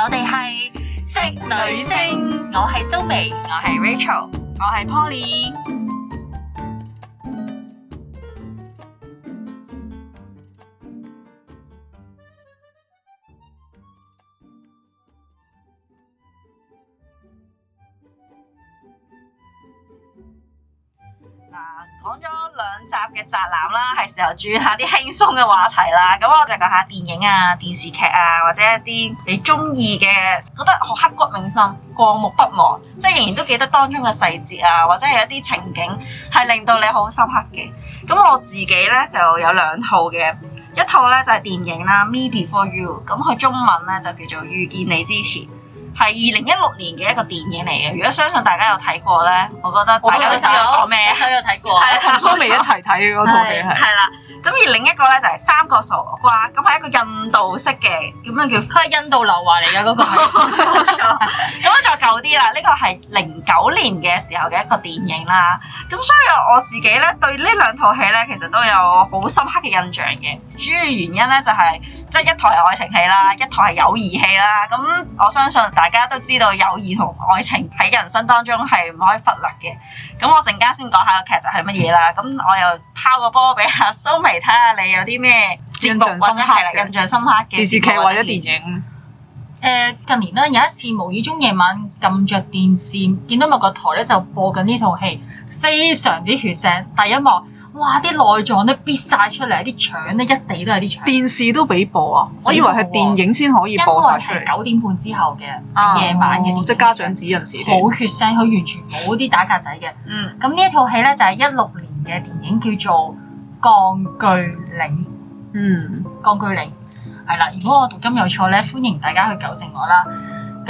我哋係職女聲，女聲我係蘇眉，我係 Rachel，我係 Polly。兩集嘅宅男啦，係時候轉下啲輕鬆嘅話題啦。咁我就講下電影啊、電視劇啊，或者一啲你中意嘅，覺得好刻骨銘心、過目不忘，即係仍然都記得當中嘅細節啊，或者係一啲情景係令到你好深刻嘅。咁我自己咧就有兩套嘅，一套咧就係電影啦，《Me Before You》，咁佢中文咧就叫做《遇見你之前》。係二零一六年嘅一個電影嚟嘅，如果相信大家有睇過咧，我覺得大家都知道講咩，所以我睇過，係啊， 同蘇眉一齊睇嗰套戲係。係啦是，咁而另一個咧就係《三個傻瓜》，咁係一個印度式嘅咁樣叫？佢係印度流華嚟嘅嗰個。咁啊，再舊啲啦，呢個係零九年嘅時候嘅一個電影啦。咁所以我自己咧對呢兩套戲咧其實都有好深刻嘅印象嘅。主要原因咧就係即係一台係愛情戲啦，一台係友誼戲啦。咁我相信大。大家都知道友誼同愛情喺人生當中係唔可以忽略嘅，咁我陣間先講下個劇集係乜嘢啦。咁我又拋個波俾阿蘇眉睇下你有啲咩節目或者係印象深刻嘅電視劇或者電影？嗯，近年咧有一次無意中夜晚撳着電視，見到某個台咧就播緊呢套戲，非常之血腥，第一幕。哇！啲內臟都必晒出嚟，啲腸咧一地都係啲腸。電視都俾播啊！我以為係電影先可以播曬出嚟。因為係九點半之後嘅夜、啊、晚嘅，即係家長指引時。好血腥，佢完全冇啲打格仔嘅。嗯。咁呢一套戲咧就係一六年嘅電影，叫做《鋼鋸嶺》。嗯，《鋼鋸嶺》係啦。如果我讀音有錯咧，歡迎大家去糾正我啦。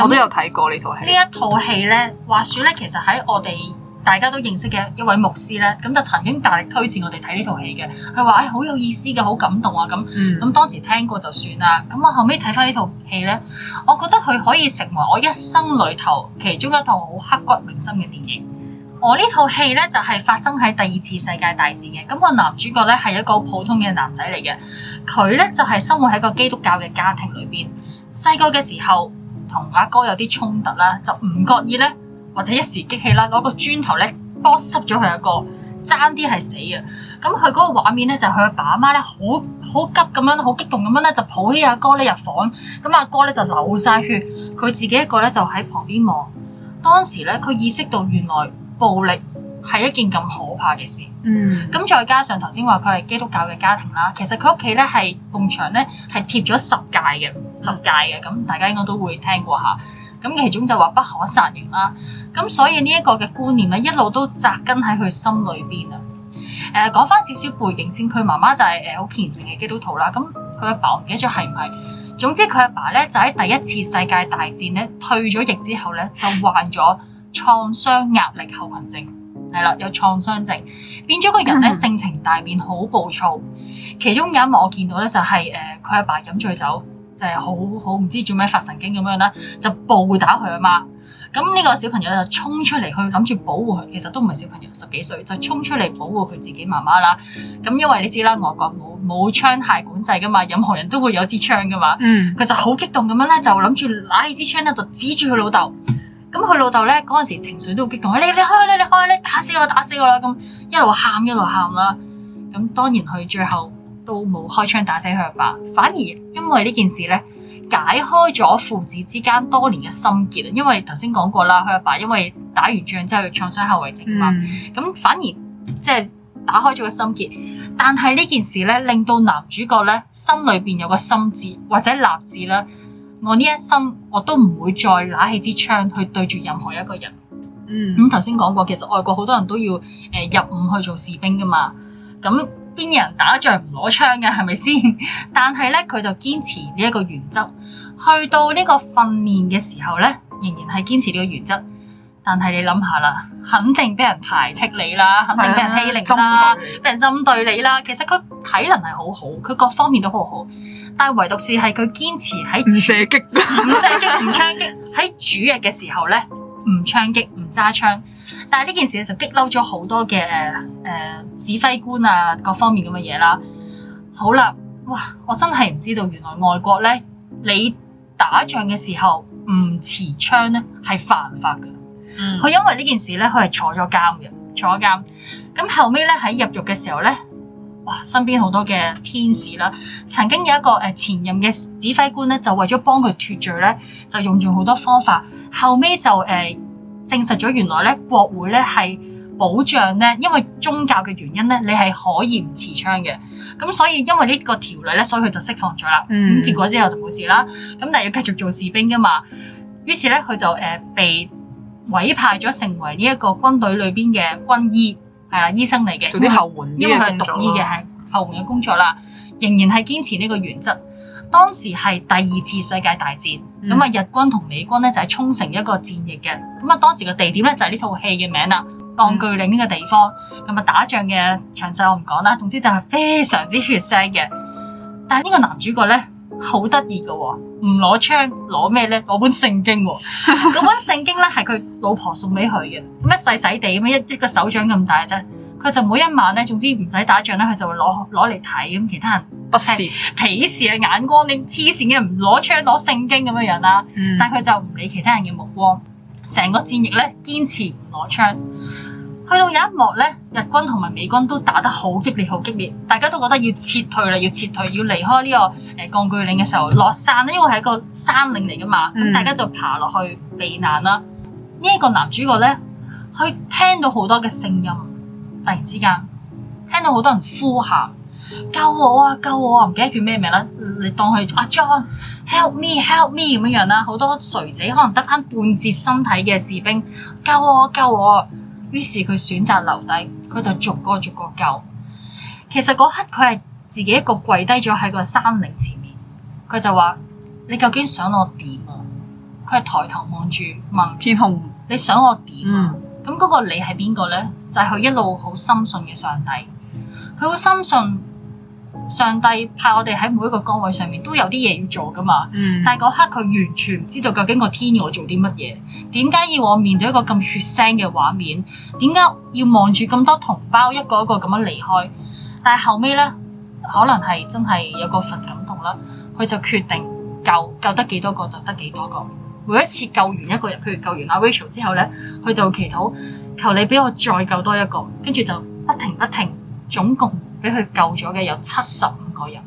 我都有睇過呢套戲。戲，呢一套戲咧，話説咧，其實喺我哋。大家都認識嘅一位牧師呢，咁就曾經大力推薦我哋睇呢套戲嘅。佢話，誒、哎，好有意思嘅，好感動啊！咁，咁、mm. 當時聽過就算啦。咁我後尾睇返呢套戲呢，我覺得佢可以成為我一生裏頭其中一套好刻骨銘心嘅電影。我呢套戲呢，就係發生喺第二次世界大戰嘅。咁個男主角呢，係一個普通嘅男仔嚟嘅，佢呢，就係生活喺個基督教嘅家庭裏邊。細個嘅時候同阿哥有啲衝突啦，就唔覺意呢。或者一時激氣啦，攞個磚頭咧 b o 咗佢阿哥，爭啲係死啊！咁佢嗰個畫面咧，就佢、是、阿爸阿媽咧，好好急咁樣，好激動咁樣咧，就抱起阿哥咧入房。咁阿哥咧就流晒血，佢自己一個咧就喺旁邊望。當時咧，佢意識到原來暴力係一件咁可怕嘅事。嗯。咁再加上頭先話佢係基督教嘅家庭啦，其實佢屋企咧係奉牆咧係貼咗十誡嘅，十誡嘅。咁大家應該都會聽過下。咁其中就話不可殺人啦。咁所以呢一個嘅觀念咧，一路都扎根喺佢心裏邊啊！誒、呃，講翻少少背景先，佢媽媽就係誒好虔誠嘅基督徒啦。咁佢阿爸唔記得咗係唔係？總之佢阿爸咧就喺第一次世界大戰咧退咗役之後咧，就患咗創傷壓力後群症，係啦，有創傷症，變咗個人咧性情大變，好暴躁。其中有一幕我見到咧就係誒佢阿爸飲醉酒，就係好好唔知做咩發神經咁樣啦，就暴打佢阿媽。咁呢個小朋友咧就衝出嚟去諗住保護佢，其實都唔係小朋友十幾歲，就衝出嚟保護佢自己媽媽啦。咁因為你知啦，外國冇冇槍械管制噶嘛，任何人都會有支槍噶嘛。嗯，佢就好激動咁樣咧，就諗住攞起支槍咧就指住佢老豆。咁佢老豆咧嗰陣時情緒都好激動，你你開咧，你開咧，打死我打死我啦，咁一路喊一路喊啦。咁當然佢最後都冇開槍打死佢爸。反而因為呢件事咧，解開咗父子之間多年嘅心結，因為頭先講過啦，佢阿爸，爸因為打完仗之後創傷後遺症嘛，咁、嗯、反而即係打開咗個心結。但係呢件事咧，令到男主角咧心裏邊有個心志或者立志啦，我呢一生我都唔會再拿起支槍去對住任何一個人。嗯，咁頭先講過，其實外國好多人都要誒、呃、入伍去做士兵噶嘛，咁。邊有人打仗唔攞槍嘅係咪先？是是 但係咧佢就堅持呢一個原則，去到呢個訓練嘅時候咧，仍然係堅持呢個原則。但係你諗下啦，肯定俾人排斥你啦，肯定俾人欺凌啦，俾人針對你啦。其實佢體能係好好，佢各方面都好好，但係唯獨是係佢堅持喺唔射擊、唔 射擊、唔槍擊，喺主日嘅時候咧唔槍擊、唔揸槍。但係呢件事就激嬲咗好多嘅誒誒指揮官啊，各方面咁嘅嘢啦。好啦，哇！我真係唔知道，原來外國咧，你打仗嘅時候唔持槍咧係犯法㗎。嗯，佢因為呢件事咧，佢係坐咗監嘅，坐咗監。咁後尾咧喺入獄嘅時候咧，哇！身邊好多嘅天使啦。曾經有一個誒、呃、前任嘅指揮官咧，就為咗幫佢脫罪咧，就用咗好多方法。後尾就誒。呃證實咗原來咧，國會咧係保障咧，因為宗教嘅原因咧，你係可以唔持槍嘅。咁所以因為呢個條例咧，所以佢就釋放咗啦。咁結果之後就冇事啦。咁但係要繼續做士兵噶嘛，於是咧佢就誒被委派咗成為呢一個軍隊裏邊嘅軍醫，係啦，醫生嚟嘅，做啲後援，因為佢係讀醫嘅，係後援嘅工作啦，仍然係堅持呢個原則。當時係第二次世界大戰，咁啊、嗯、日軍同美軍咧就係沖繩一個戰役嘅，咁啊當時嘅地點咧就係呢套戲嘅名啦，嗯、鋼鋸嶺呢個地方，咁啊打仗嘅詳細我唔講啦，總之就係非常之血腥嘅，但係呢個男主角咧好得意噶，唔攞槍，攞咩咧？攞本聖經、哦，嗰 本聖經咧係佢老婆送俾佢嘅，咁一細細地咁樣一一個手掌咁大啫。佢就每一晚咧，總之唔使打仗咧，佢就會攞攞嚟睇咁。其他人鄙視鄙視嘅眼光，你黐線嘅唔攞槍攞聖經咁嘅樣啦。嗯、但係佢就唔理其他人嘅目光，成個戰役咧堅持唔攞槍。去到有一幕咧，日軍同埋美軍都打得好激烈，好激烈，大家都覺得要撤退啦，要撤退，要離開呢、這個誒鋼鋸嶺嘅時候落山咧，因為係一個山嶺嚟噶嘛。咁、嗯、大家就爬落去避難啦。呢、這、一個男主角咧，佢聽到好多嘅聲音。突然之間聽到好多人呼喊：救我啊！救我啊！唔記得叫咩名啦，你當佢阿 John，Help me，Help me 咁 me, 樣樣啦。好多垂死可能得翻半截身體嘅士兵，救我啊，救我啊。於是佢選擇留低，佢就逐個，逐個逐個救。其實嗰刻佢係自己一個跪低咗喺個山嶺前面，佢就話：你究竟想我點啊？佢係抬頭望住問天空空：你想我點啊？嗯咁嗰個你係邊個呢？就係佢一路好深信嘅上帝，佢好深信上帝派我哋喺每一個崗位上面都有啲嘢要做噶嘛。嗯、但係嗰刻佢完全唔知道究竟個天要我做啲乜嘢，點解要我面對一個咁血腥嘅畫面？點解要望住咁多同胞一個一個咁樣離開？但係後尾呢，可能係真係有個份感動啦，佢就決定救救得幾多個就得幾多個。每一次救完一個人，譬如救完阿 Rachel 之後咧，佢就祈禱求你俾我再救多一個，跟住就不停不停，總共俾佢救咗嘅有七十五個人，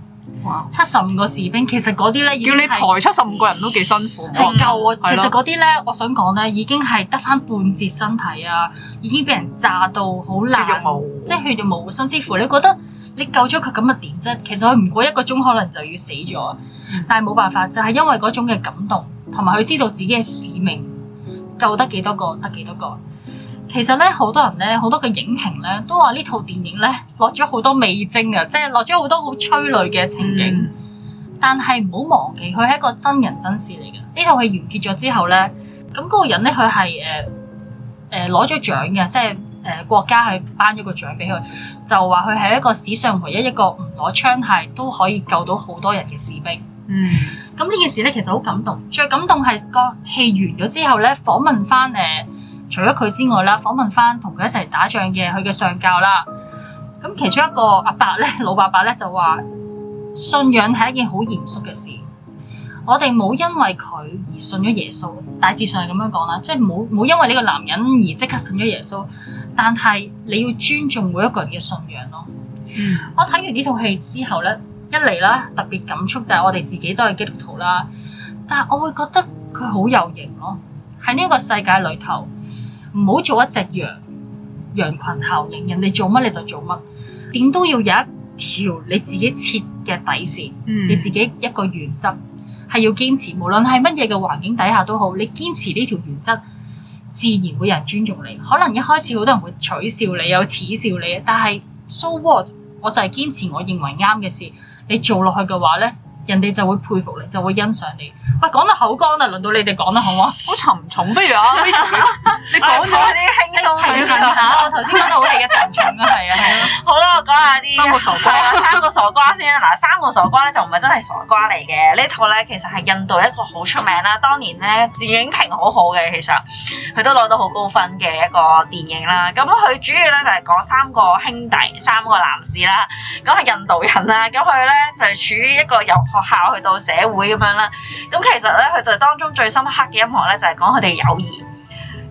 七十五個士兵。其實嗰啲咧要你抬七十五個人都幾辛苦。係救啊！嗯、其實嗰啲咧，啦我想講咧，已經係得翻半截身體啊，已經俾人炸到好爛，即係血肉模糊，甚至乎你覺得你救咗佢咁嘅點啫？其實佢唔過一個鐘可能就要死咗，嗯、但係冇辦法，就係、是、因為嗰種嘅感動。同埋佢知道自己嘅使命，救得幾多個，得幾多個。其實咧，好多人咧，好多嘅影評咧，都話呢套電影咧，落咗好多味精嘅，即係落咗好多好催淚嘅情景。嗯、但係唔好忘記，佢係一個真人真事嚟嘅。呢套戲完結咗之後咧，咁、那、嗰個人咧，佢係誒誒攞咗獎嘅，即係誒、呃、國家係頒咗個獎俾佢，就話佢係一個史上唯一一個唔攞槍械都可以救到好多人嘅士兵。嗯。咁呢件事咧，其實好感動。最感動係個戲完咗之後咧，訪問翻誒，除咗佢之外啦，訪問翻同佢一齊打仗嘅佢嘅上教啦。咁其中一個阿伯咧，老伯老伯咧就話：信仰係一件好嚴肅嘅事。我哋冇因為佢而信咗耶穌，大致上係咁樣講啦，即係冇冇因為呢個男人而即刻信咗耶穌。但係你要尊重每一個人嘅信仰咯。嗯，我睇完呢套戲之後咧。一嚟啦，特別感觸就係我哋自己都係基督徒啦，但係我會覺得佢好有型咯。喺呢個世界裏頭，唔好做一隻羊羊群效應，人哋做乜你就做乜，點都要有一條你自己設嘅底線，嗯、你自己一個原則係要堅持，無論係乜嘢嘅環境底下都好，你堅持呢條原則，自然會有人尊重你。可能一開始好多人會取笑你，又恥笑你，但係 so what，我就係堅持我認為啱嘅事。你做下去嘅話咧？人哋就會佩服你，就會欣賞你。啊，講到口乾啦，輪到你哋講得好冇？好 沉重，不如啊，你講咗啲輕鬆嘅嚇。我頭先講到好氣嘅沉重啊。係啊係啊。好啦，我講下啲三個傻瓜。 三個傻瓜先啊。嗱，三個傻瓜咧就唔係真係傻瓜嚟嘅。呢套咧其實係印度一個好出名啦，當年咧電影評好好嘅，其實佢都攞到好高分嘅一個電影啦。咁佢主要咧就係講三個兄弟，三個男士啦，咁係印度人啦，咁佢咧就係處於一個有……學校去到社會咁樣啦，咁其實咧佢哋當中最深刻嘅一幕咧就係講佢哋友誼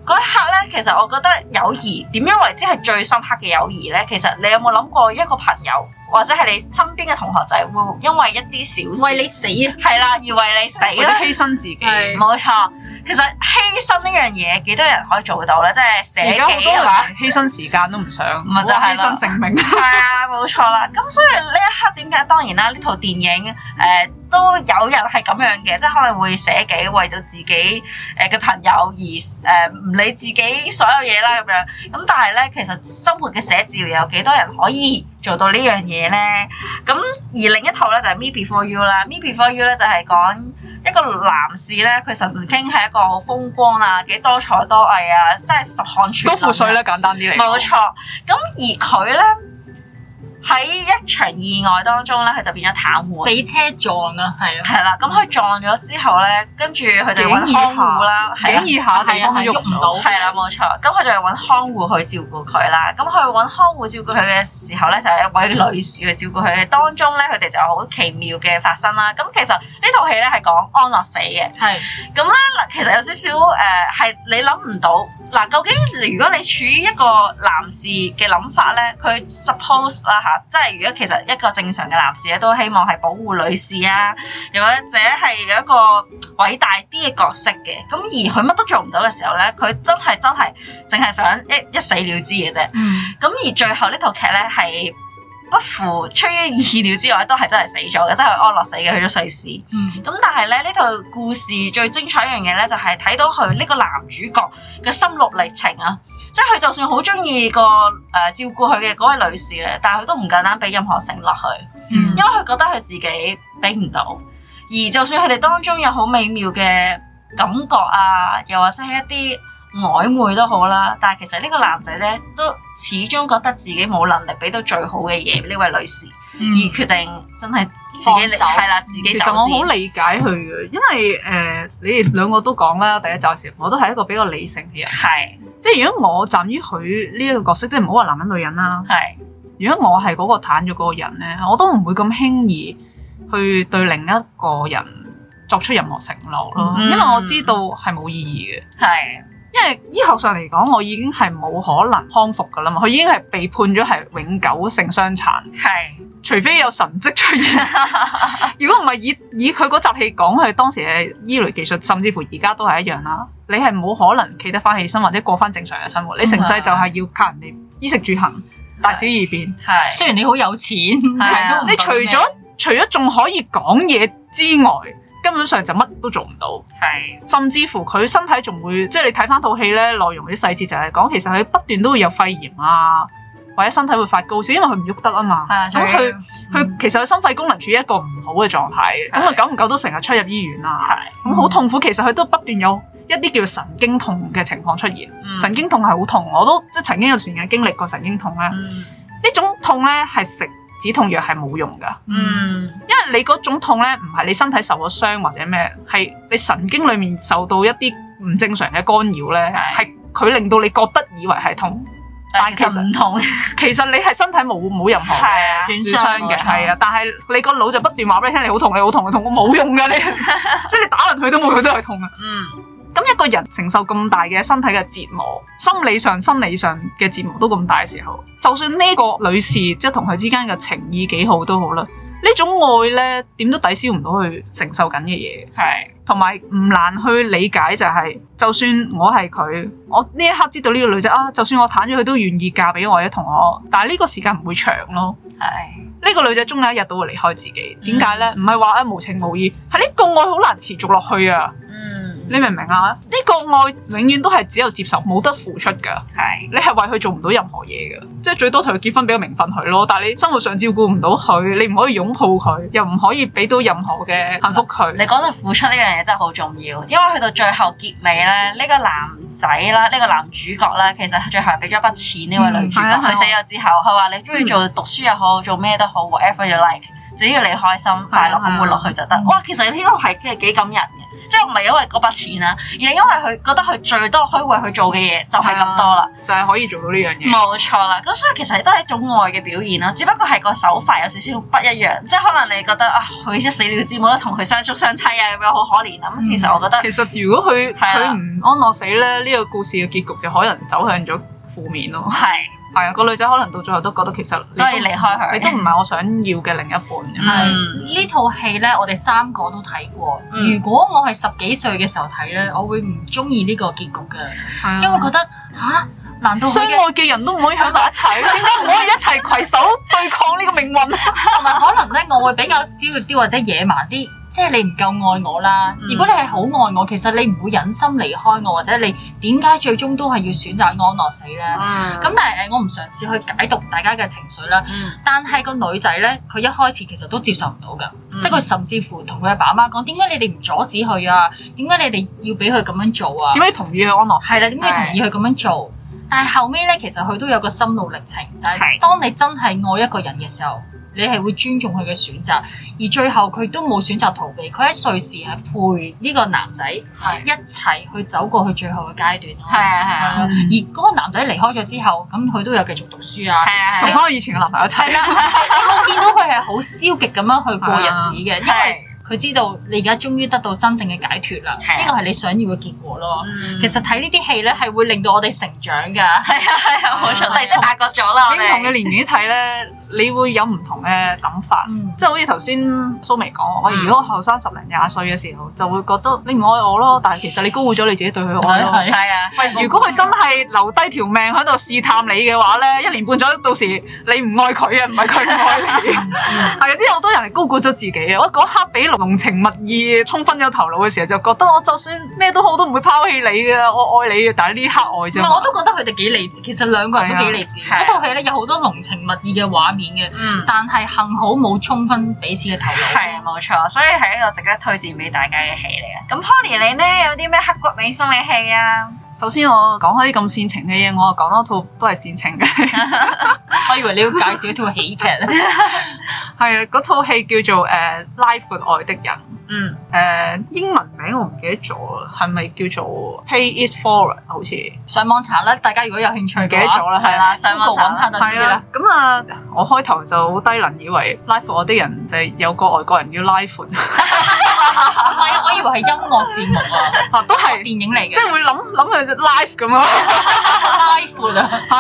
嗰一刻咧，其實我覺得友誼點樣為之係最深刻嘅友誼咧？其實你有冇諗過一個朋友？或者係你身邊嘅同學仔會因為一啲小事，為你死啊，係啦，而為你死啦，犧牲自己，冇是錯。其實犧牲呢樣嘢幾多人可以做到咧？即係捨己，而家好多人都犧牲時間都唔想，咪就係犧牲性命。係 啊，冇錯啦。咁所以呢一刻點解？當然啦，呢套電影誒、呃、都有人係咁樣嘅，即、就、係、是、可能會捨己為咗自己誒嘅朋友而誒唔、呃、理自己所有嘢啦咁樣。咁但係咧，其實生活嘅寫照有幾多人可以，做到呢樣嘢咧，咁而另一套咧就係 Me Before You 啦。Me Before You 咧就係講一個男士咧，佢曾經係一個好風光啊，幾多彩多藝啊，即係十項全能。高富帥咧，簡單啲嚟講。冇錯，咁而佢咧。喺一場意外當中咧，佢就變咗癱瘓，俾車撞啊，係啊，係啦，咁佢撞咗之後咧，跟住佢就揾看護啦，頂住下，係啊，我哋幫佢喐唔到，係啦，冇錯，咁佢就係揾看護去照顧佢啦，咁佢揾看護照顧佢嘅時候咧，就係、是、一位女士去照顧佢嘅當中咧，佢哋就有好奇妙嘅發生啦。咁其實呢套戲咧係講安樂死嘅，係的，咁咧其實有少少誒，係、呃、你諗唔到。嗱、啊，究竟如果你處於一個男士嘅諗法咧，佢 suppose 啦、啊、嚇，即係如果其實一個正常嘅男士咧，都希望係保護女士啊，又或者係有一個偉大啲嘅角色嘅，咁而佢乜都做唔到嘅時候咧，佢真係真係淨係想一一死了之嘅啫。咁、嗯、而最後呢套劇咧係。不符出於意料之外，都係真係死咗嘅，真係安樂死嘅，去咗瑞士，咁、嗯、但係咧，呢、這、套、個、故事最精彩一樣嘢咧，就係、是、睇到佢呢個男主角嘅心路歷程啊！即係佢就算好中意個誒、呃、照顧佢嘅嗰位女士咧，但係佢都唔簡單俾任何承諾去，嗯、因為佢覺得佢自己俾唔到。而就算佢哋當中有好美妙嘅感覺啊，又或者係一啲曖昧都好啦，但係其實呢個男仔呢，都始終覺得自己冇能力俾到最好嘅嘢俾呢位女士，嗯、而決定真係自己係啦手，自己。其實我好理解佢嘅，因為誒、呃，你哋兩個都講啦，第一就係我都係一個比較理性嘅人，係是即係如果我站於佢呢一個角色，即係唔好話男人女人啦，係是如果我係嗰個淡咗嗰個人呢，我都唔會咁輕易去對另一個人作出任何承諾咯，嗯、因為我知道係冇意義嘅，係、嗯。因為醫學上嚟講，我已經係冇可能康復噶啦嘛，佢已經係被判咗係永久性傷殘。係是，除非有神跡出現。 如果唔係以以佢嗰集戲講，佢當時嘅醫療技術，甚至乎而家都係一樣啦。你係冇可能企得翻起身，或者過翻正常嘅生活。是你成世就係要靠人哋衣食住行，大小二便。係，雖然你好有錢，係、 啊、你除咗除咗仲可以講嘢之外。根本上就乜都做唔到，是甚至乎佢身體仲會，即係你睇翻套戲咧內容啲細節就係講，其實佢不斷都會有肺炎啊，或者身體會發高燒，因為佢唔喐得啊嘛。咁佢佢其實佢心肺功能處於一個唔好嘅狀態，咁啊久唔久都成日出入醫院啦、啊。咁好是痛苦，其實佢都不斷有一啲叫神經痛嘅情況出現，嗯、神經痛係好痛，我都即係曾經有時間經歷過神經痛咧，呢、嗯、種痛咧係食，止痛藥係冇用噶，嗯，因為你嗰種痛咧，唔係你身體受咗傷或者咩，係你神經裡面受到一啲唔正常嘅干擾咧，係佢令到你覺得以為係痛，但其實唔痛。其實你係身體冇冇任何損、 啊、傷嘅，係啊。但係你個腦就不斷話俾你聽，你好痛，你好痛，好痛，我冇用噶，你 即係你打暈佢都冇，都係痛嘅。嗯。咁一個人承受咁大嘅身體嘅折磨，心理上、生理上嘅折磨都咁大嘅時候，就算呢個女士即係同佢之間嘅情意幾好都好啦，呢種愛呢點都抵消唔到佢承受緊嘅嘢，係同埋唔難去理解就係、是，就算我係佢，我呢一刻知道呢個女仔啊，就算我癱咗佢都願意嫁俾我或同我，但係呢個時間唔會長咯，係呢唉個女仔終有一日都會離開自己，點解呢？唔係話啊無情無義，係呢個愛好難持續落去啊，嗯。你明唔明啊？呢、這個愛永遠都係只有接受，冇得付出噶。係是，你係為佢做唔到任何嘢噶，即係最多同佢結婚俾個名分佢咯。但係你生活上照顧唔到佢，你唔可以擁抱佢，又唔可以俾到任何嘅幸福佢、嗯。你講到付出呢樣嘢真係好重要，因為去到最後結尾咧，呢、這個男仔啦，呢、這個男主角啦，其實最後俾咗筆錢呢位女主角。佢、嗯啊、死咗之後，佢話你中意做、嗯、讀書又好，做咩都好，whatever you like。只要你開心的快樂咁活落去就得。的哇，其實呢個係真係幾感人嘅，即係唔係因為嗰筆錢啦，而係因為佢覺得佢最多可以為佢做嘅嘢就係咁多啦，就係、是、可以做到呢樣嘢。冇錯啦，咁所以其實都係一種愛嘅表現啦，只不過係個手法有少少不一樣，即係可能你覺得啊，佢先死了之冇得同佢相足相妻啊，咁樣好可憐啦、啊。咁、嗯、其實我覺得，其實如果佢佢唔安樂死咧，呢、呢個故事嘅結局就可能走向咗負面咯，係。係啊，嗰個女仔可能到最後都覺得其實都要離開佢，你都唔係我想要嘅另一半。係、嗯、呢套戲咧，我哋三個都睇過。嗯、如果我係十幾歲嘅時候睇咧，我會唔中意呢個結局㗎，嗯、因為覺得吓、啊，難道相愛嘅人都唔可以喺埋一齊咧？點解唔可以一齊攜手對抗呢個命運咧？同 埋 可能咧，我會比較消極啲或者野蠻啲。即係你唔夠愛我啦，嗯、如果你係好愛我，其實你唔會忍心離開我，或者你點解最終都係要選擇安樂死呢？咁、嗯、但係我唔嘗試去解讀大家嘅情緒啦。嗯、但係個女仔呢，佢一開始其實都接受唔到噶，嗯、即係佢甚至乎同佢阿爸阿媽講，點解你哋唔阻止佢啊？點解你哋要俾佢咁樣做啊？點解同意佢安樂死？係啦，點解同意佢咁樣做？的但係後尾呢，其實佢都有個心路歷程，就係、是、當你真係愛一個人嘅時候。你係會尊重佢嘅選擇，而最後佢都冇選擇逃避，佢喺瑞士係陪呢個男仔一齊去走過去最後嘅階段。係啊係啊，而嗰個男仔離開咗之後，咁佢都有繼續讀書啊，同翻以前嘅男朋友一齊。我見到佢係好消極咁樣去過日子嘅，因為佢知道你而家終於得到真正嘅解脫啦。呢個係你想要嘅結果咯。其實睇呢啲戲咧，係會令到我哋成長噶。係啊係啊，冇錯，你都大個咗啦，唔同嘅年紀睇咧。你會有唔同嘅諗法，嗯、即係好似頭先蘇眉講，我、嗯、如果後生十零廿歲嘅時候，就會覺得你唔愛我咯，但係其實你高估咗你自己對佢愛咯。嗯、啊，嗯、如果佢真係留低條命喺度試探你嘅話咧，一年半載到時你唔愛佢啊，唔係佢唔愛你啊。係啊、嗯，即係好多人係高估咗自己啊。我嗰刻俾濃情蜜意衝昏咗頭腦嘅時候，就覺得我就算咩都好，我都唔會拋棄你嘅，我愛你嘅。但係呢刻愛啫唔係，我都覺得佢哋幾理智，其實兩個人都幾理智。嗰套、啊啊、戲咧有好多濃情蜜意嘅畫。嘅，嗯、但係幸好冇充分彼此嘅投入，係啊，冇錯，所以係一個值得推薦俾大家嘅戲嚟嘅。咁 Pony 你咧有啲咩刻骨銘心嘅戲啊？首先我講開啲咁煽情嘅嘢，我又講多套都係煽情嘅。我以為你要介紹一套喜劇？係啊，嗰套戲叫做《誒、uh, 拉闊愛的人》，嗯，誒英文名我唔記得咗，係咪叫做 Pay It Forward？好似上網查啦，大家如果有興趣，記得咗啦，係啦、啊啊，上網搵下就知啦。咁 啊，我開頭就好低能，以為拉闊愛的人就係有個外國人要拉闊唔係啊！ 我以為係音樂節目啊，啊都係電影嚟嘅，即係會諗諗下只 live 咁樣。 係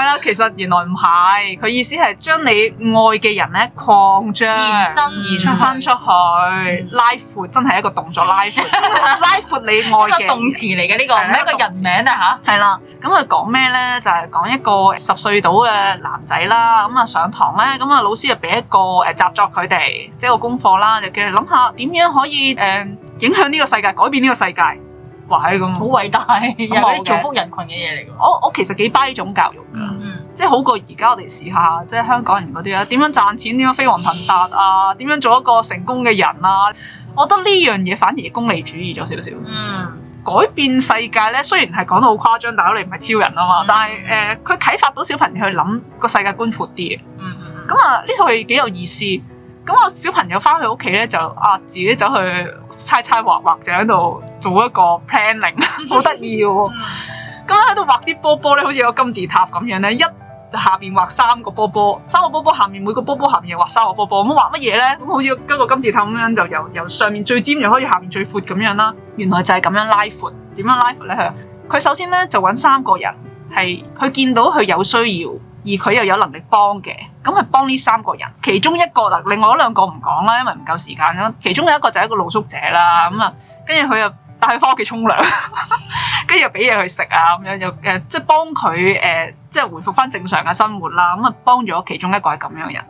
啦，其實原來唔係，佢意思係將你愛嘅人咧擴張延伸延伸出去，出去嗯、拉闊真係一個動作，拉闊 拉闊你愛嘅動詞嚟嘅呢個，唔係了一個人名啊吓，係啦，咁佢講咩咧？就係、是、講一個十歲到嘅男仔啦，咁啊上堂咧，咁啊老師就俾一個誒習作佢哋，即、就、係、是、個功課啦，就叫佢諗下點樣可以誒、呃、影響呢個世界，改變呢個世界。咁好偉大，啲造 福人群嘅嘢嚟㗎。我我其實幾巴呢種教育㗎，mm hmm. 即係好過而家我哋試下，即係香港人嗰啲啊，點樣賺錢，點樣飛黃騰達啊，點樣做一個成功嘅人啊。我覺得呢樣嘢反而功利主義咗少少。嗯、mm，hmm. 改變世界咧，雖然係講得好誇張，但係我哋唔係超人啊嘛。Mm hmm. 但係誒，佢、呃、啟發到小朋友去諗個世界觀闊啲嘅。嗯嗯。咁啊，呢套係幾有意思。咁我小朋友翻去屋企咧就，啊自己走去猜猜畫畫，就喺度做一個 planning， 好得意嘅。咁喺度畫啲波波咧，好似有個金字塔咁樣咧，一就下邊畫三個波波，三個波波下面每個波波下面又畫三個波波。咁畫乜嘢咧？咁好似個金金字塔咁樣，就由由上面最尖又可以下面最闊咁樣啦。原來就係咁樣拉闊。點樣拉闊咧？佢佢首先咧就搵三個人，係佢見到佢有需要。而佢又有能力幫嘅，咁係幫呢三個人，其中一個啊，另外嗰兩個唔講啦，因為唔夠時間啦。其中有一個就係一個露宿者啦，咁啊，跟住佢又帶佢翻屋企沖涼，跟住又俾嘢佢食啊，咁樣又誒，即係幫佢誒、呃，即係回復翻正常嘅生活啦。咁啊，幫咗其中一個係咁樣嘅人，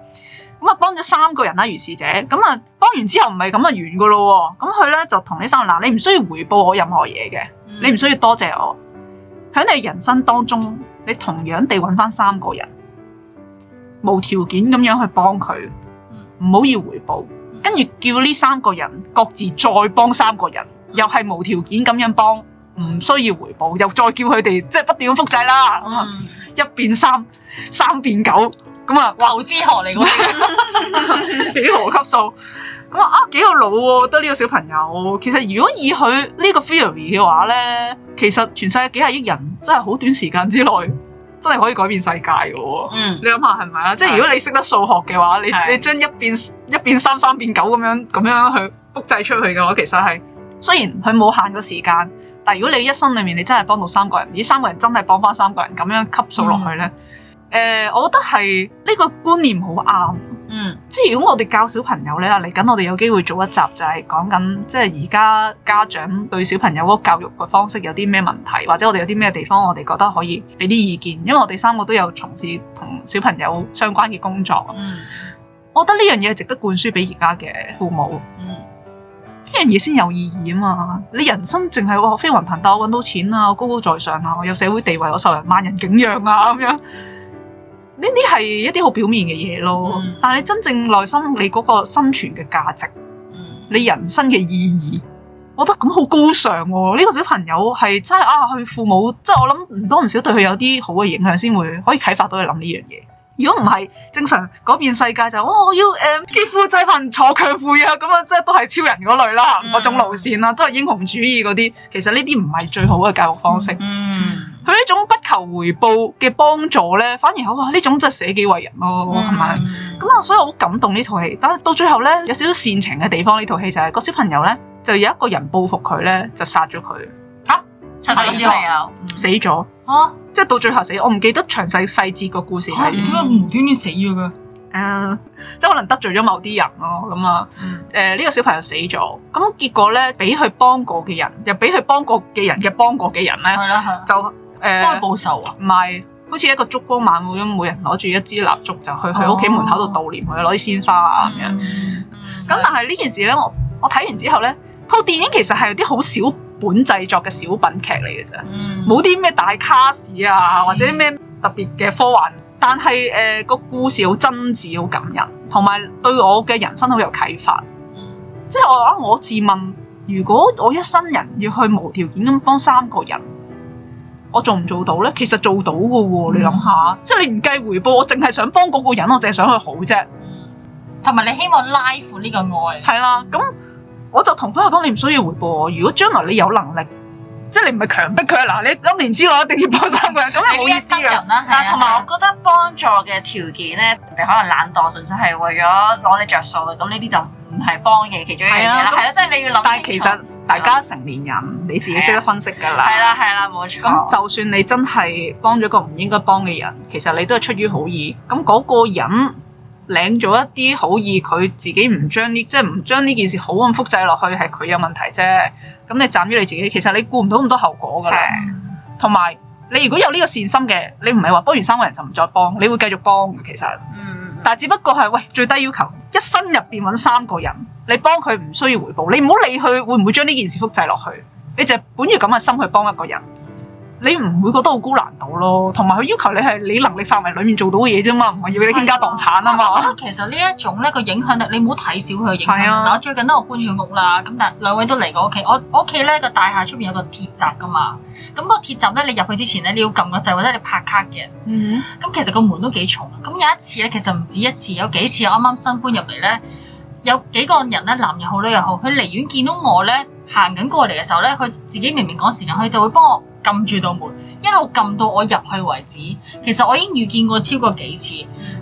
咁啊幫咗三個人啦，如是者咁啊幫完之後唔係咁啊完噶咯喎，咁佢咧就同呢三個嗱，你唔需要回報我任何嘢嘅，嗯、你唔需要多謝我，喺你人生當中。你同樣地揾翻三個人，無條件咁樣去幫佢，唔好要，要回報，跟住叫呢三個人各自再幫三個人，又係無條件咁樣幫，唔需要回報，又再叫佢哋即係不斷咁複製啦，嗯、一變三，三變九，咁啊，哇，投資何嚟嘅， 幾何級數。咁啊，啊幾有腦喎、啊，得呢個小朋友、啊。其實如果以佢呢個 theory 嘅話咧，其實全世界幾廿億人，真係好短時間之內，真係可以改變世界嘅。嗯，你諗下係咪啊？即係如果你識得數學嘅話，是你你將一變一變三三變九咁樣咁樣去複製出去嘅話，其實係雖然佢冇限咗時間，但係如果你一生裏面你真係幫到三個人，而三個人真係幫翻三個人，咁樣級數落去咧，誒、嗯呃，我覺得係呢個觀念好啱。嗯，即係如果我哋教小朋友咧，嚟緊我哋有機會做一集就，就係講緊即係而家家長對小朋友個教育個方式有啲咩問題，或者我哋有啲咩地方，我哋覺得可以俾啲意見。因為我哋三個都有從事同小朋友相關嘅工作，嗯、我覺得呢樣嘢值得灌輸俾而家嘅父母。呢樣嘢先有意義啊嘛！你人生淨係話飛黃騰達，我搵到錢啊，我高高在上啊，我有社會地位，我受人萬人景仰啊，咁樣。呢啲係一啲好表面嘅嘢咯，嗯、但係你真正內心你嗰個生存嘅價值，嗯、你人生嘅意義，我覺得咁好高尚喎、哦。呢、這個小朋友係真係啊，佢父母即係、就是、我諗唔多唔少對佢有啲好嘅影響，先會可以啟發到佢諗呢樣嘢。如果唔係，正常嗰邊世界就哇、是哦，我要嗯，肩、呃、負製品，坐強富啊，咁啊，即係都係超人嗰類啦，嗰種、嗯、路線啦、啊，都係英雄主義嗰啲。其實呢啲唔係最好嘅教育方式。嗯。嗯。佢呢種不求回報嘅幫助咧，反而好啊！呢種真係捨己為人咯，係咪？咁啊，所以我好感動呢套戲。但係到最後咧，有少少煽情嘅地方，呢套戲就係個小朋友咧，就有一個人報復佢咧，就殺咗佢。吓，殺死小朋友死咗啊！即係到最後死，我唔記得詳細細節個故事。係點解無端端死咗嘅？誒，即係可能得罪咗某啲人咯，咁啊。誒，呢個小朋友死咗，咁結果咧，俾佢幫過嘅人，又俾佢幫過嘅人嘅幫過嘅人咧，係啦，就。呃、幫佢報仇啊？唔係，好似一個燭光晚會咁，每人攞住一支蠟燭就去佢屋企門口度悼念佢，攞啲鮮花啊咁、嗯、樣。咁、嗯、但係呢件事咧，我我睇完之後咧，套、那個、電影其實係有啲好小本製作嘅小品劇嚟嘅啫，冇啲咩大卡士啊，或者咩特別嘅科幻。但係誒、呃那個故事好真摯，好感人，同埋對我嘅人生好有啟發。即係、嗯就是、我我，我自問，如果我一生人要去無條件咁幫三個人。我做唔做到呢？其實做到嘅喎、哦，嗯、你諗下，即係你唔計回報，我淨係想幫嗰個人，我淨係想佢好啫。同埋你希望拉寬呢個愛，係啦。咁我就同翻佢講，你唔需要回報我。如果將來你有能力。即係你唔係強迫佢啊！嗱，你一年之內一定要幫三個人，咁又冇意思嘅。 人，但係同埋我覺得幫助嘅條件咧，你、啊啊、可能懶惰，純粹係為咗攞你着數啦。咁呢啲就唔係幫嘅其中一樣嘢啦。係即係你要諗。啊、但係其實大家成年人，樣你自己識得分析㗎啦。係啦、啊，係啦、啊，冇、啊、錯。咁就算你真係幫咗個唔應該幫嘅人，其實你都係出於好意。咁嗰個人領咗一啲好意，佢自己唔將呢，即係唔將呢件事好咁複製落去，係佢有問題啫。咁你賺咗你自己，其實你顧唔到咁多後果噶啦。同埋的你如果有呢個善心嘅，你唔係話幫完三個人就唔再幫，你會繼續幫。其實，嗯、但係只不過係喂最低要求，一生入邊揾三個人，你幫佢唔需要回報，你唔好理佢會唔會將呢件事複製落去，你就係本住咁嘅心去幫一個人。你唔會覺得好高難度咯，同埋佢要求你喺你能力範圍裡面做到嘅嘢啫嘛，唔係要你傾家蕩產啊嘛。其實呢一種咧個影響力，你唔好睇少佢嘅影響力。的最近都我搬轉屋啦，咁但係兩位都嚟過我屋企，我屋企咧個大廈出邊有個鐵閘噶嘛。咁、個鐵閘咧你入去之前咧你要撳個掣或者你拍卡嘅。咁、嗯、其實個門都幾重。咁有一次咧，其實唔止一次，有幾次我啱啱新搬入嚟咧，有幾個人咧，男又好女又好，佢離遠見到我咧行緊過嚟嘅時候咧，佢自己明明講時間，佢就會幫我。撳住到門，一路撳到我入去為止。其實我已經遇見過超過幾次。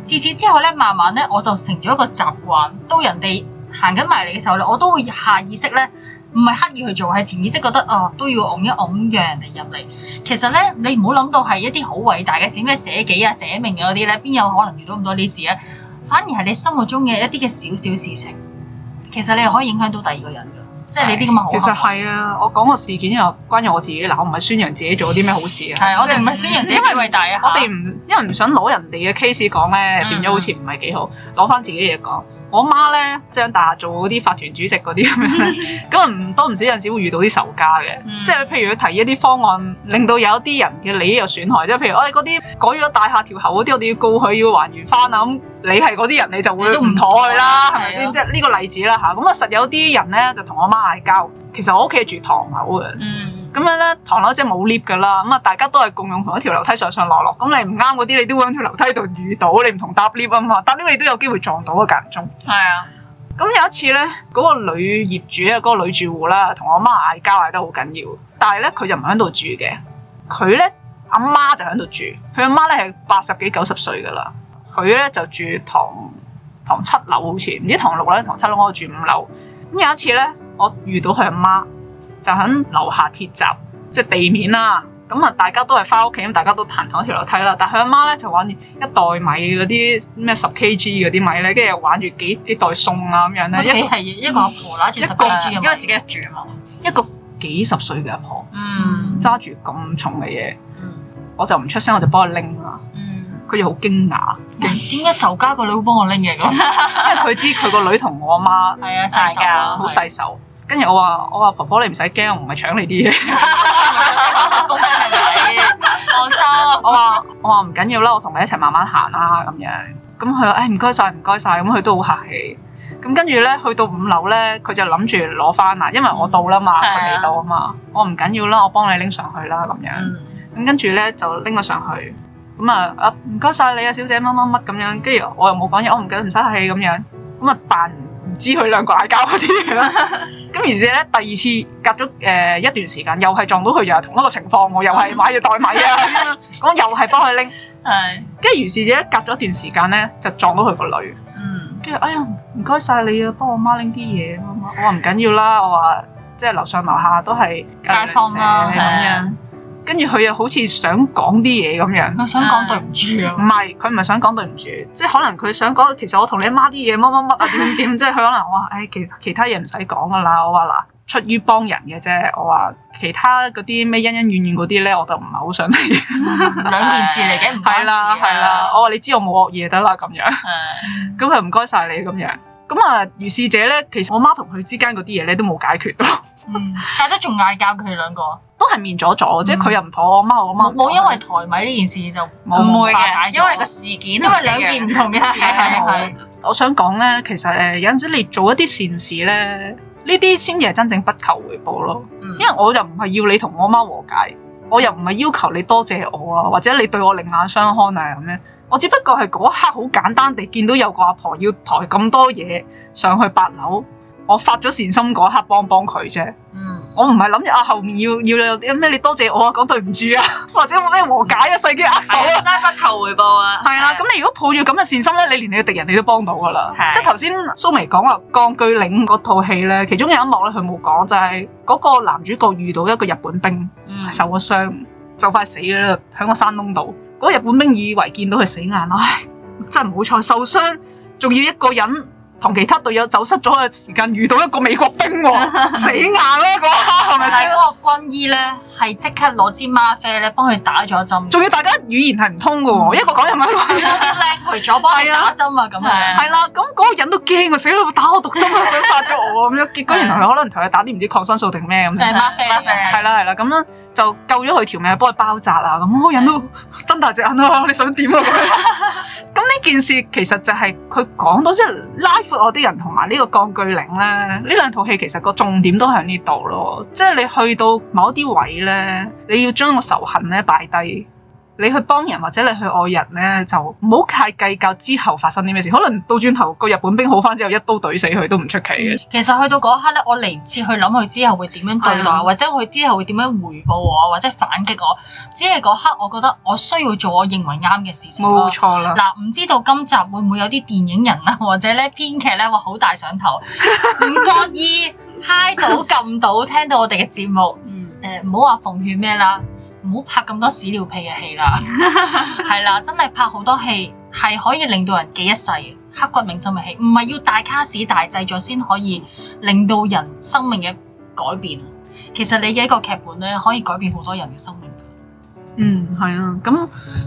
自此之後呢，慢慢呢，我就成咗一個習慣，到人哋行緊埋嚟嘅時候呢，我都會下意識呢，唔係刻意去做，係潛意識覺得哦都要拱一拱，讓人哋入嚟。其實呢，你唔好諗到係一啲好偉大嘅事，咩寫幾啊寫名嗰啲呢，邊、啊、有可能遇到咁多呢啲事啊？反而係你心目中嘅一啲嘅小小事情，其實你係可以影響到第二個人。即係你啲咁啊！其實係啊，我講個事件又關於我自己，嗱，我唔係宣揚自己做咗啲咩好事啊。係的，我哋唔係宣揚自己偉大啊！我哋唔因為唔想攞人哋嘅 case 講咧，變咗好似唔係幾好，攞翻自己嘢講。我媽咧即係大廈做嗰啲法團主席嗰啲咁樣，咁唔多唔少有陣時會遇到啲仇家嘅，即係譬如佢提一啲方案，令到有啲人嘅利益有損害，即係譬如我哋嗰啲改咗大廈條喉嗰啲，我哋要告佢要還原翻啊！咁你係嗰啲人，你就會都唔妥佢啦，係咪先？對哦、即係呢個例子啦嚇，咁啊實有啲人咧就同我媽嗌交。其實我屋企住唐樓嘅。嗯咁樣咧，唐樓即係冇 lift 噶啦，咁啊，大家都係共用同一條樓梯上上落落。咁你唔啱嗰啲，你都會喺條樓梯度遇到。你唔同搭 lift 啊嘛，搭 lift 你都有機會撞到啊間中。係啊，咁有一次咧，嗰個女業主咧，嗰個女住戶啦，同我阿媽嗌交嗌得好緊要。但係咧，佢就唔喺度住嘅，佢咧阿媽就喺度住。佢阿媽咧係八十幾九十歲噶啦，佢咧就住唐唐七樓好似，唔知唐六咧，唐七樓我住五樓。咁有一次咧，我遇到佢阿媽。就喺樓下鐵閘，即係地面啦。咁啊，大家都係翻屋企，咁大家都彈同一條樓梯啦。但係佢阿媽咧就玩住一袋米嗰啲咩十 Kg 嗰啲米咧，跟住又玩住幾幾袋餸啊咁樣咧。屋企係一個阿婆攞住十 Kg，因為自己一住啊嘛。一個幾十歲嘅阿婆，嗯，揸住咁重嘅嘢，嗯，我就唔出聲，我就幫佢拎啦。嗯，佢又好驚訝，點解仇家個女會幫我拎嘢？因為佢知佢個女同我阿媽係啊，細手，好細手。跟住我話我話婆婆你唔使驚，我唔係搶你啲嘢，放心。我話我話唔緊要啦，我同你一齊慢慢行啦咁樣。咁佢話：哎唔該曬，唔該曬。咁佢都好客氣。咁跟住咧，去到五樓咧，佢就諗住攞翻啦，因為我到啦嘛，佢未到啊嘛。我唔緊要啦，我幫你拎上去啦咁樣。咁跟住咧就拎咗上去。咁啊，唔該曬你啊，小姐乜乜乜咁樣。跟住我又冇講嘢，我唔緊唔使客氣咁樣。咁啊，扮唔知佢兩個嗌交嗰啲。咁於是咧，第二次隔咗誒一段時間，又係撞到佢，又係同一個情況喎，又係買咗袋米啊，咁又係幫佢拎，係，跟住於是咧，隔咗一段時間咧，就撞到佢個女，嗯，跟住哎呀，唔該曬你啊，幫我媽拎啲嘢，我話唔緊要啦，我話即係樓上樓下都係街坊啦咁樣。跟住佢又好似想講啲嘢咁樣，我想講對唔住啊，唔係，啊，佢唔係想講對唔住，即係可能佢想講，其實我同你阿媽啲嘢乜乜乜點點，即係佢可能哇，唉、哎、其其他嘢唔使講噶啦，我話嗱，出於幫人嘅啫，我話其他嗰啲咩恩恩怨怨嗰啲咧，我就唔係好想理。嗯，兩件事嚟嘅，唔係啦係啦，我話你知我冇惡嘢得啦，咁樣，咁佢唔該晒你咁樣。咁啊，如是者咧，其實我媽同佢之間嗰啲嘢咧都冇解決咯。嗯，但都仲嗌交佢兩個。面阻阻，即係佢又唔妥、嗯、我媽我媽。冇因為抬米呢件事就唔會嘅，解因為個事件，因為兩件唔同嘅事。我想講咧，其實誒有陣時你做一啲善事咧，呢啲先至係真正不求回報咯。嗯、因為我又唔係要你同我媽和解，我又唔係要求你多謝我啊，或者你對我另眼相看啊咁樣。我只不過係嗰刻好簡單地見到有個阿婆要抬咁多嘢上去八樓，我發咗善心嗰刻幫幫佢啫。嗯我唔係諗住啊，後面要要有啲咩？你多謝我啊，講對唔住啊，或者有冇咩和解嘅世紀握手啊，我真係不求回報啊。係啦，咁你如果抱住咁嘅善心咧，你連你嘅敵人你都幫到噶啦。即係頭先蘇眉講話，《鋼鋸嶺》嗰套戲咧，其中有一幕咧，佢冇講就係嗰個男主角遇到一個日本兵，受咗傷，就快死啦，喺個山窿度。嗰個日本兵以為見到佢死硬咯，唉，真係冇錯，受傷仲要一個人。同其他隊友走失咗嘅時間，遇到一個美國兵喎，死硬啦嗰下，係咪？所以嗰個軍醫咧，係即刻攞支嗎啡咧幫佢打咗針，仲要大家語言係唔通嘅喎，一個講英文，一個靚除咗幫佢打針啊，咁樣係啦，咁嗰個人都驚啊，死佬打我毒針啊，想殺咗我咁樣，結果原來可能同佢打啲唔知抗生素定咩咁，嗎啡，係啦係啦，咁樣就救咗佢條命，幫佢包紮啊，咁嗰個人都。瞪大隻眼咯，啊！你想點啊？咁 呢 件事其實就係佢講到即係拉闊我啲人，同埋呢個《鋼鋸嶺》咧，呢兩套戲其實個重點都喺呢度咯。即係你去到某一啲位咧，你要將個仇恨咧擺低。你去幫人或者你去愛人呢，就唔好太計較之後發生啲咩事。可能到轉頭個日本兵好翻之後，一刀懟死佢都唔出奇嘅、嗯。其實去到嗰刻呢，我嚟唔切去諗佢之後會點樣對待，哎、呀或者佢之後會點樣回報我，或者反擊我。只係嗰刻，我覺得我需要做我認為啱嘅事先。冇錯啦。嗱、啊，唔知道今集會唔會有啲電影人啊，或者咧編劇咧，會，好大上頭，唔覺意嗨到撳到，聽到我哋嘅節目。嗯。誒，唔好話奉勸咩啦。唔好拍咁多屎尿屁嘅戲啦，係啦，真係拍好多戲係可以令到人記一世刻骨銘心嘅戲，唔係要大卡士大製作先可以令到人生命嘅改變。其實你嘅一個劇本咧，可以改變好多人嘅生命。嗯，係啊，咁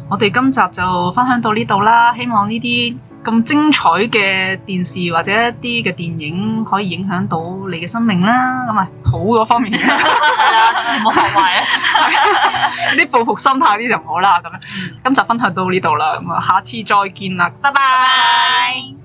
我哋今集就分享到呢度啦，希望呢啲。咁精彩嘅電視或者一啲嘅電影可以影響到你嘅生命啦，咁咪、嗯、好嗰方面，係啊，唔好學壞啊，啲報復心態啲就唔好啦。咁樣，今集分享到呢度啦。咁下次再見啦，拜拜 bye。Bye bye